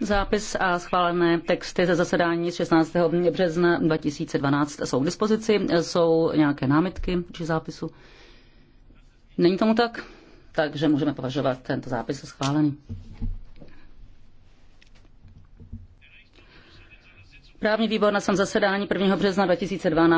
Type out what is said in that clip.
Zápis a schválené texty ze zasedání 16. března 2012 jsou k dispozici. Jsou nějaké námitky či zápisu? Není tomu tak? Takže můžeme považovat tento zápis za schválený. Právní výbor na svém zasedání 1. března 2012